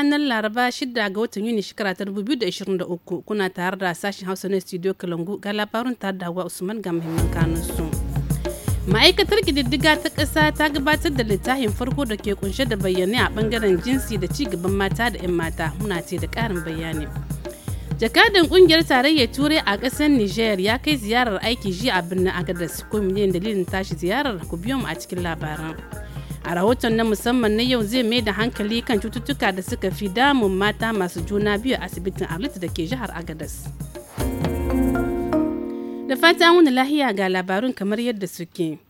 ranar laraba 6 ga watan yuni shekara ta 2023 kuna tare da sashen hausa na studio kalangu ga labarin tare da hawa usman ga muhimman kanun su ma'aikatar kididdiga ta ƙasa ta gabatar da littafin farko da ke kunshe da bayanai a bangaren jinsi da ci gaban mata da 'yan mata muna ce da ƙarin bayani jakadan kungiyar tarayyar turai a kasar niger ya kai ziyarar aiki jiya a birnin agadas ko miliyan dalilin tashi ziyarar ku biyo mu a cikin labaran a rahoton na musamman na yau zai mai da hankali kan cututtuka da suka fi damun mata masu juna biyu a asibitin arlit da ke jihar agadas da fatan wani lahiya ga labarun kamar yadda suke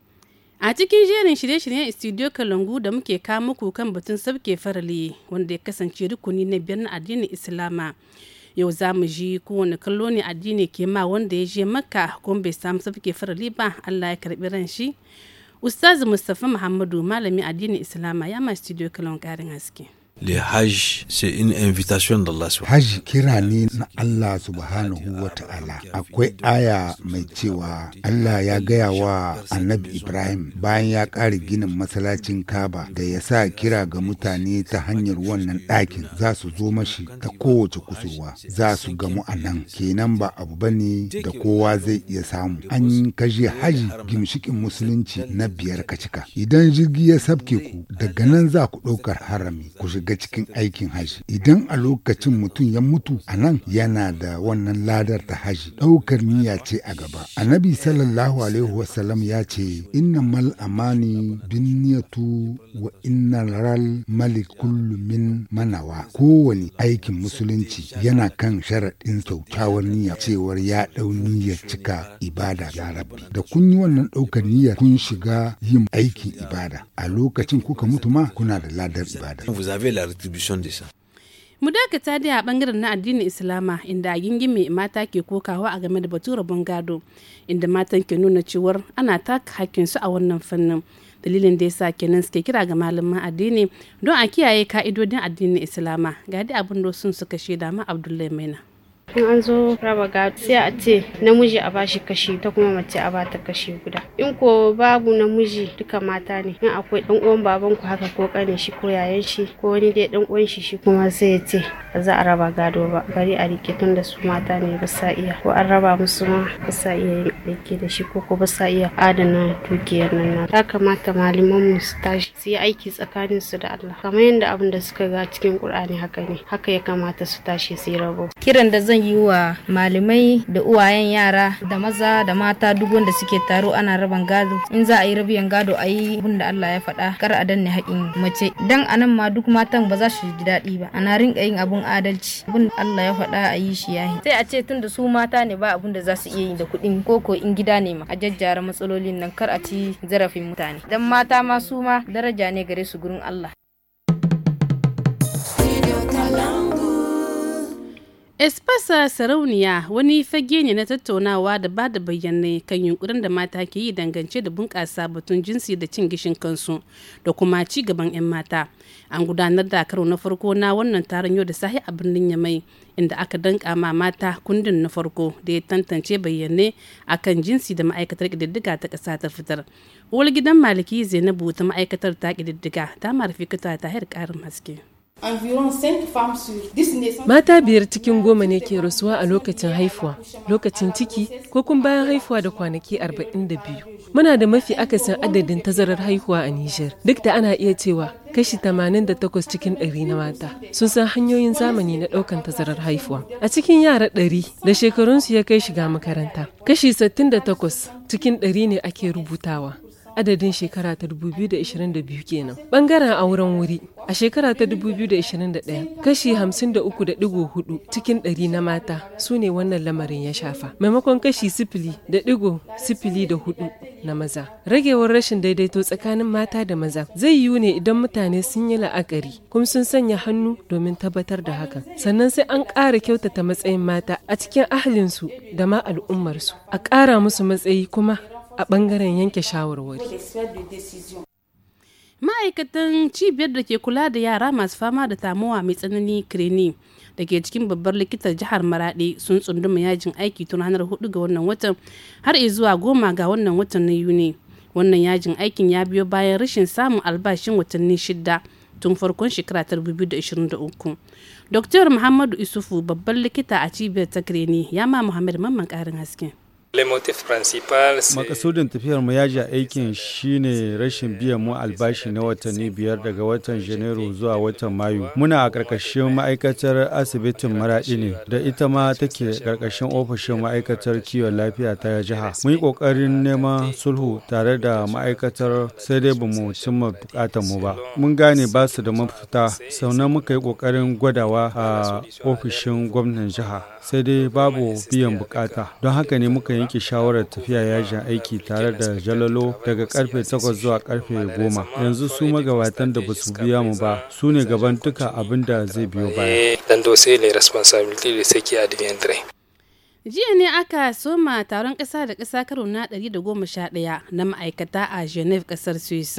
a cikin jerin shirye-shiryen studio kalangu da muke kawo muku kan batun sauke farali wanda ya kasance rukuni na biyar na addinin islama yau za mu ji kowane kallo ne addini ke ma wanda ya je makka kuma bai samu sauke farali ba allah ya karbi ran shi ustaz Mustapha Muhammadu malami addinin Islama ya ma studio kalon karin haske. Le Hajj, c'est une invitation d'Allah. Hajj kira ne na Allah subhanahu wa ta'ala. Akwai aya mai cewa Allah ya gaya wa Annabi Ibrahim bayan ya ƙare ginin masallacin Kaba da ya sa kira ga mutane ta hanyar wannan ɗakin za su zo mashi ta kowace kusurwa za su gamu a nan. Kenan ba abu bane da kowa zai iya samu. An kashe haji gimshikin musulunci na biyar ka cika. Idan jirgi ya sabke ku daga nan za ku ɗaukar harami ku shiga shiga cikin aikin haji idan a lokacin mutum ya mutu a nan yana da wannan ladar ta haji ɗaukar niyya ce a gaba annabi sallallahu alaihi wasallam ya ce inna mal amani dunniyatu wa inna ral malik kullu min manawa kowane aikin musulunci yana kan sharaɗin saukawar niyya cewar ya ɗau niyyar cika ibada ya rabbi da kun yi wannan ɗaukar niyyar kun shiga yin aikin ibada a lokacin kuka mutu ma kuna da ladar ibada la retribution de ça mu dakata dai a bangaren na addinin islama inda a gingime mata ke kokawa a game da batun rabon gado inda matan ke nuna cewar ana taka hakkin su a wannan fannin dalilin da yasa kenan suke kira ga malaman addini don a kiyaye ka'idodin addinin islama ga dai abin da sun suka shaida ma abdullahi maina in an zo raba gado sai a ce namiji a bashi kashi ta kuma mace a bata kashi guda in ko babu namiji duka mata ne in akwai dan uwan baban ku haka ko kanin shi ko yayan shi ko wani dai dan uwan shi shi kuma sai ya ce ba za a raba gado ba bari a rike tun da su mata ne ba sa iya ko an raba musu ma ba sa iya yin aiki da shi ko ko ba sa iya adana dukiyar nan ya kamata malaman mu su tashi su yi aiki tsakanin su da Allah kamar yadda abin da suka ga cikin Qur'ani haka ne haka ya kamata su tashi su yi rabo kiran da zan yi wa malamai da uwayen yara da maza da mata duk wanda suke taro ana raban gado in za a yi rabiyan gado a yi abin da Allah ya faɗa kar a danne haƙin mace dan a nan ma duk matan ba za su ji daɗi ba ana rinka yin abun adalci abin Allah ya faɗa a yi shi yahi sai a ce tunda su mata ne ba abun da za su iya yi da kuɗin ko in gida ne ma a jajjara matsalolin nan kar a ci zarafin mutane dan mata ma su ma daraja ne gare su gurin Allah espasa sarauniya wani fage ne na tattaunawa da ba da bayyanai kan yunkurin da mata ke yi dangance da bunƙasa batun jinsi da cin gishin kansu da kuma ci gaban 'yan mata an gudanar da karo na farko na wannan taron yau da sahi a birnin yamai inda aka danka ma mata kundin na farko da ya tantance a akan jinsi da ma'aikatar ƙididdiga ta ƙasa ta fitar uwar gidan maliki zainabu ta ma'aikatar ta ƙididdiga ta marfi ta tahir ƙarin haske Mata biyar cikin goma ne ke rasuwa a lokacin haifuwa, lokacin ciki ko kuma bayan haifuwa da kwanaki arba'in da biyu. Muna da mafi akasin adadin tazarar haihuwa a Nijar, duk da ana iya cewa kashi 88 cikin ɗari na mata sun san hanyoyin zamani na ɗaukan tazarar haifuwa. A cikin yara ɗari da shekarunsu ya kai shiga makaranta, kashi sittin da 68 cikin ɗari ne ake rubutawa. adadin shekara ta 2022 kenan. Bangaren auren wuri a shekara ta 2021 kashi 53.4 cikin 100 na mata su ne wannan lamarin ya shafa maimakon kashi sifili da digo sifili da hudu na maza. Ragewar rashin daidaito tsakanin mata da maza zai yiwu ne idan mutane sun yi la'akari kuma sun sanya hannu domin tabbatar da hakan. Sannan sai an ƙara kyautata matsayin mata a cikin ahalinsu da ma al'ummarsu. A ƙara musu matsayi kuma a bangaren yanke shawarwari ma'aikatan cibiyar da ke kula da yara masu fama da tamuwa mai tsanani kreni da ke cikin babbar likitar jihar maraɗe sun tsunduma yajin aiki tun ranar hudu ga wannan watan har zuwa goma ga wannan watan na yuni wannan yajin aikin ya biyo bayan rashin samun albashin watanni shida tun farkon shekara ta 2023 dr muhammadu isufu babban likita a cibiyar ta kreni ya ma muhammad mamman karin hasken Makasudin tafiyar mu yaji aikin shine rashin biyan mu albashi na watanni biyar daga watan Janairu zuwa watan Mayu. Muna a ƙarƙashin ma'aikatar asibitin maraɗi ne da ita ma take ƙarƙashin ofishin ma'aikatar kiwon lafiya ta jiha. Mun yi ƙoƙarin neman sulhu tare da ma'aikatar sai dai ba mu cimma buƙatar mu ba. Mun gane ba su da mafita sannan muka yi ƙoƙarin gwadawa a ofishin gwamnan jiha sai dai babu biyan buƙata. Don haka ne muka yi yanke shawarar tafiya yajin aiki tare da jalalo daga karfe 8 zuwa karfe 10 yanzu su magabatan da ba su biya mu ba su ne gaban duka abin da zai biyo baya jiya ne aka soma taron ƙasa da ƙasa karo na 111 na ma'aikata a geneve ƙasar swiss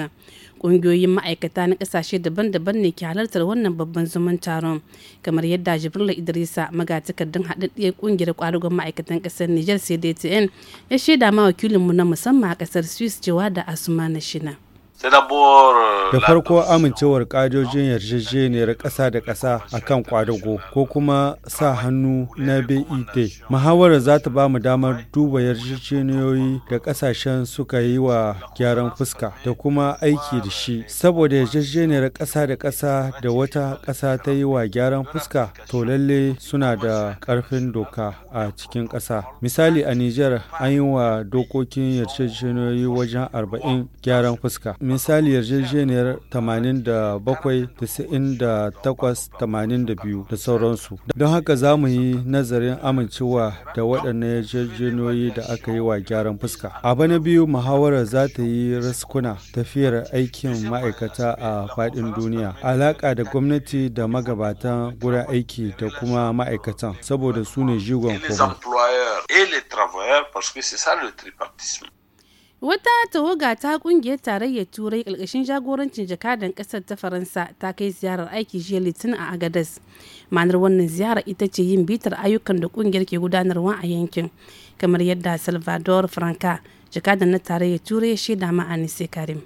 ƙungiyoyin ma'aikata na ƙasashe daban-daban ne ke halartar wannan babban zuman taron kamar yadda jibrila idrisa magatakardun haɗaɗɗiyar ƙungiyar ƙwarugon ma'aikatan ƙasar niger cdtn ya shaida ma wakilinmu na musamman a ƙasar swiss cewa da asuma na shina da farko amincewar ƙadojin yarjejeniyar ƙasa da ƙasa a kan kwadago ko kuma sa hannu na bet muhawarar za ta ba mu damar duba yarjejeniyoyi da ƙasashen suka yi wa gyaran fuska da kuma aiki da shi saboda yarjejeniyar ƙasa da ƙasa da wata ƙasa ta yi wa gyaran fuska to lalle suna da ƙarfin doka a cikin ƙasa misali a niger an yi wa dokokin yarjejeniyoyi wajen arba'in gyaran fuska Misali yarjejeniyar 87-98-82 da sauransu. Don haka za mu yi nazarin amincewa da waɗannan yarjejeniyoyi da aka yi wa gyaran fuska. Abu na biyu muhawarar za ta yi raskuna tafiyar aikin ma'aikata a faɗin duniya. Alaƙa da gwamnati da magabatan gurin aiki da kuma ma'aikatan saboda su ne jigon kuma. Wata tawaga ta kungiyar tarayyar Turai ƙarƙashin jagorancin jakadan ƙasar ta Faransa ta kai ziyarar aiki jiya Litinin a Agadas. Ma'anar wannan ziyarar ita ce yin bitar ayyukan da kungiyar ke gudanarwa a yankin, kamar yadda Salvador Franca, jakadan na tarayyar Turai ya shaida ma sai Karim.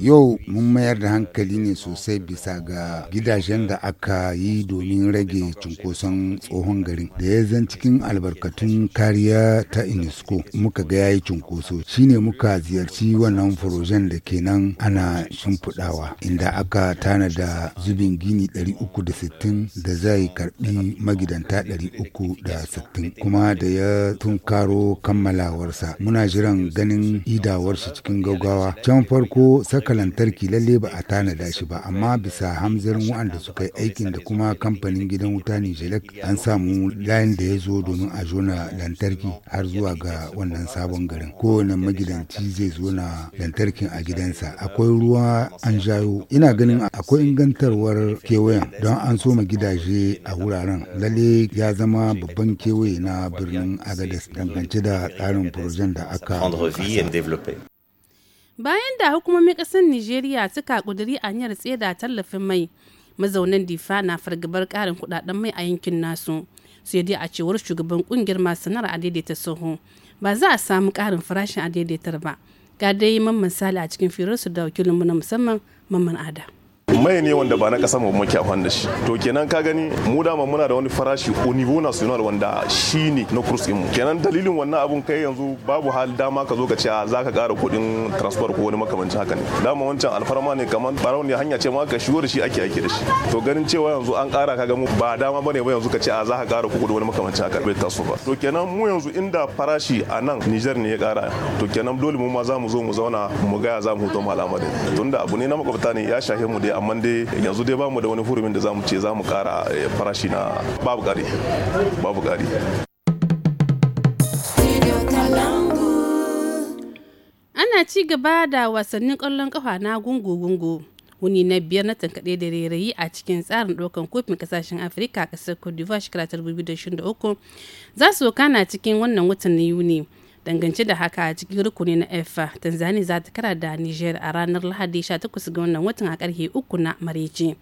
Yau mun mayar da hankali ne sosai bisa ga gidajen da aka yi domin rage cunkoson tsohon garin da ya zan cikin albarkatun kariya ta UNESCO muka ga yayi cunkoso shine muka ziyarci wannan furojen da kenan ana shimfiɗawa inda aka tanada zubin gini 360 da zai karbi magidanta 360 kuma da ya tunkaro kammalawarsa muna jiran ganin idawarsa cikin gaggawa. larabawa can farko saka lantarki lalle ba a tanada shi ba amma bisa hamzarin waɗanda suka yi aikin da kuma kamfanin gidan wuta nijelek an samu layin da ya zo domin a jona lantarki har zuwa ga wannan sabon garin kowane magidanci zai zo na lantarkin a gidansa akwai ruwa an jayo ina ganin akwai ingantarwar kewayen don an soma gidaje a wuraren lalle ya zama babban kewaye na birnin agadas dangance da tsarin furojen da aka bayan da hukumomin ƙasar nigeria suka a niyar tseda tallafin mai mazaunan difa na fargabar ƙarin kudaden mai a yankin nasu sai dai a cewar shugaban kungiyar masu a daidaita soho ba za a samu ƙarin farashin a daidaitar ba ga dai mamman sale a cikin firarsu da wakilinmu na musamman mamman ada mai ne wanda ba na kasa mu muke afan da shi to kenan ka gani mu dama muna da wani farashi au niveau national wanda shi ne na kurs mu kenan dalilin wannan abun kai yanzu babu hal dama ka zo ka ce ah, za ka kara kudin transport ko wani makamancin haka ne dama wancan alfarma ne kamar barau ne hanya ce ma ka shigo da shi ake aiki da shi to ganin cewa yanzu an kara ka ga mu ba dama bane ba yanzu ka ce a ah, za ka ƙara wani makamancin haka bai taso ba to kenan mu yanzu inda farashi a nan Niger ne ya ƙara to kenan dole mu ma za mu zo mu zauna mu ga za mu hoto mu al'amarin tunda abu ne na makwabta ne ya shahe mu da amma dai yanzu dai bamu da wani hurumin da zamu ce zamu kara eh, farashi na babu gari babu gari ana ci gaba da wasannin kwallon kafa na gungu-gungu wuni na biyar na tankaɗe da rairayi a cikin tsarin ɗaukan kofin ƙasashen afirka a ƙasar cote d'ivoire shekara 2023 za su kana cikin wannan watan na yuni dangance da haka a cikin rukuni na f tanzania za ta kara da niger a ranar lahadi 18 ga wannan watan a karfe uku na marece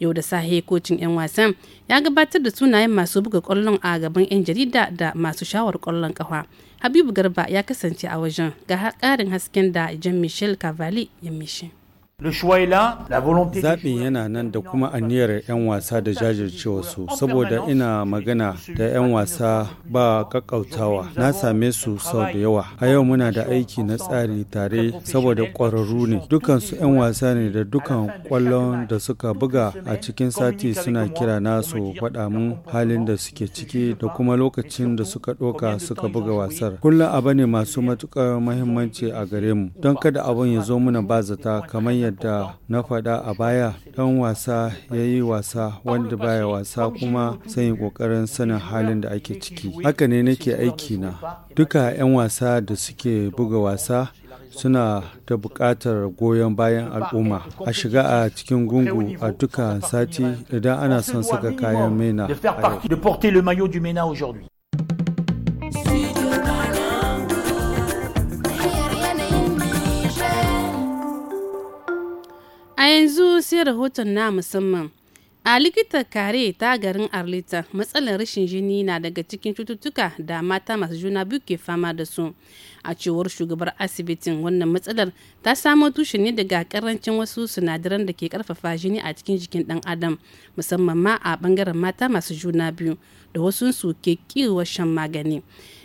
yau da sahe kocin 'yan wasan ya gabatar da sunayen masu buga kwallon a gaban 'yan jarida da masu shawar kwallon kafa habibu garba ya kasance a wajen ga karin hasken da jan michel cavalli ya mishi Zaɓin yana nan da kuma aniyar 'yan wasa da jajircewa su, saboda ina magana da 'yan wasa ba ƙaƙƙautawa. Na same su sau da yawa. A yau muna da aiki na tsari tare saboda ƙwararru ne. Dukansu 'yan wasa ne da dukan ƙwallon da suka buga a cikin sati suna kira na su faɗa mun halin da suke ciki da kuma lokacin da suka ɗoka suka buga wasar. Kullum abu ne masu matuƙar muhimmanci a gare mu, don kada abun ya zo muna ba zata kamar da na faɗa a baya ɗan wasa ya yi wasa wanda baya wasa kuma sai yi ƙoƙarin sanin halin da ake ciki haka ne nake aiki na duka 'yan wasa da suke buga wasa suna da buƙatar goyon bayan al'umma a shiga a cikin gungu a duka sati idan ana son saka kayan mena A yanzu sai rahoton na musamman. A likita kare ta garin Arlita, matsalar rashin jini na daga cikin cututtuka da mata masu juna biyu ke fama da su. A cewar shugabar asibitin wannan matsalar ta samo tushe ne daga karancin wasu sinadaran da ke karfafa jini a cikin jikin dan adam, musamman ma a bangaren mata masu juna biyu da wasu su ke kiwa shan magani.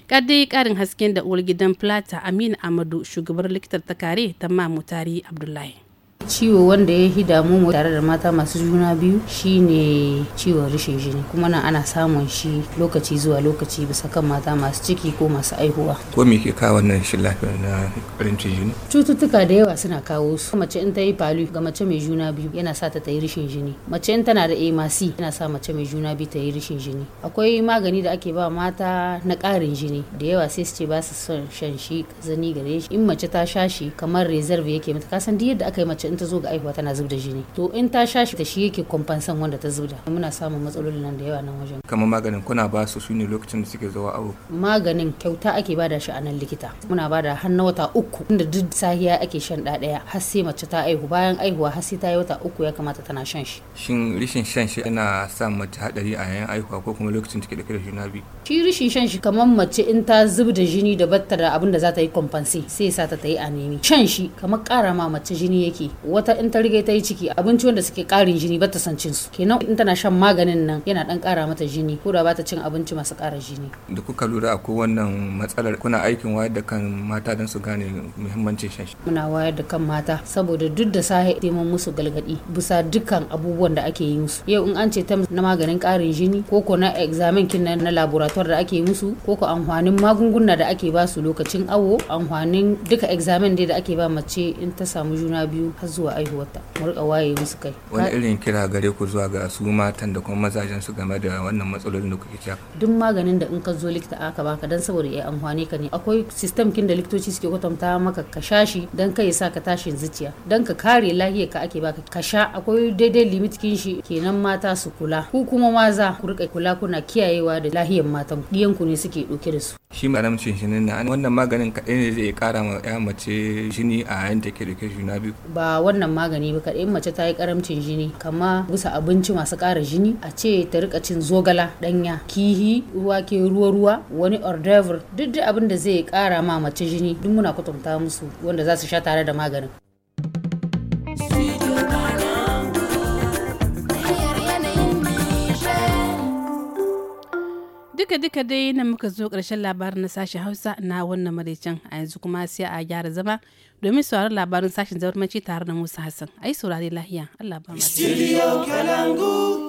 Kadai karin hasken da uwar gidan Plata Aminu Amadu shugabar likitar ta kare ta Mamutari Abdullahi. ciwo wanda ya yi damu tare da mata masu juna biyu shine ciwon rashin jini kuma nan ana samun shi lokaci zuwa lokaci bisa kan mata masu ciki ko masu aihuwa ko me ke kawo wannan shi lafiya na karancin jini cututtuka da yawa suna kawo su mace in ta yi palu ga mace mai juna biyu yana sa ta yi rashin jini mace in tana da amc yana sa mace mai juna biyu ta yi rashin jini akwai magani da ake ba mata na ƙarin jini da yawa sai su ce ba su son shan shi zani gare shi in mace ta sha shi kamar reserve yake mata kasan duk yadda aka yi mace in ta zo ga aihuwa tana zub da jini to in ta sha shi ta shi yake kwamfansan wanda ta zub da muna samun matsalolin nan da yawa nan wajen kamar maganin kuna ba su shine lokacin da suke zuwa awo maganin kyauta ake bada shi a nan likita muna bada har na wata uku inda duk sahiya ake shan da daya har sai mace ta aihu bayan aihuwa har sai ta yi wata uku ya kamata tana shan shi shin rishin shan shi yana sa mace hadari a yayin aihuwa ko kuma lokacin take dauke da juna biyu shi rishin shan shi kamar mace in ta zub da jini da battara abin da za ta yi komfansi sai sa ta ta yi anemi shan shi kamar kara ma mace jini yake wata in ta riga ta yi ciki abinci wanda suke karin jini ba ta san cin su kenan in tana shan maganin nan yana dan kara mata jini ko da ba ta cin abinci masu kara jini da kuka lura akwai wannan matsalar kuna aikin wayar da kan mata don su gane muhimmancin shan shi. muna wayar da kan mata saboda duk da sahi neman musu galgadi bisa dukkan abubuwan da ake yi musu yau in an ce ta na maganin karin jini ko ko na examen kin na laboratory da ake yi musu ko ko amfanin magunguna da ake ba su lokacin awo amfanin duka examen da ake ba mace in ta samu juna biyu har zuwa aihuwarta mu rika waye musu kai wani irin kira gare ku zuwa ga su matan da kuma mazajen su game da wannan matsalolin da kuke cewa duk maganin da in ka zo likita aka baka dan saboda ya amfani ka ne akwai system kin da likitoci suke kwatanta maka ka shashi dan kai sa ka tashin zuciya dan ka kare lafiyar ka ake baka ka sha akwai daidai limit kin shi kenan mata su kula ku kuma maza ku rika kula kuna kiyayewa da lahiyar matan diyan ku ne suke doke da su shi madam cincinin na wannan maganin kaɗai ne zai kara ma ya mace jini a yayin ke da ke juna biyu ba wannan magani ba kaɗai mace ta yi karamcin jini kama bisa abinci masu ƙara jini a ce ta rika cin zogala ɗanya kihi wake ruwa ruwa wani ordever duk da abin da zai ƙara ma mace jini duk muna kwatanta musu wanda za su sha tare da maganin duka-duka dai nan muka zo ƙarshen labarin na sashen hausa na wannan maraicin a yanzu kuma sai a gyara zama domin sauraron labarin sashen zaurmanci tare da musa hassan ai saurari lahiya allah ba kalangu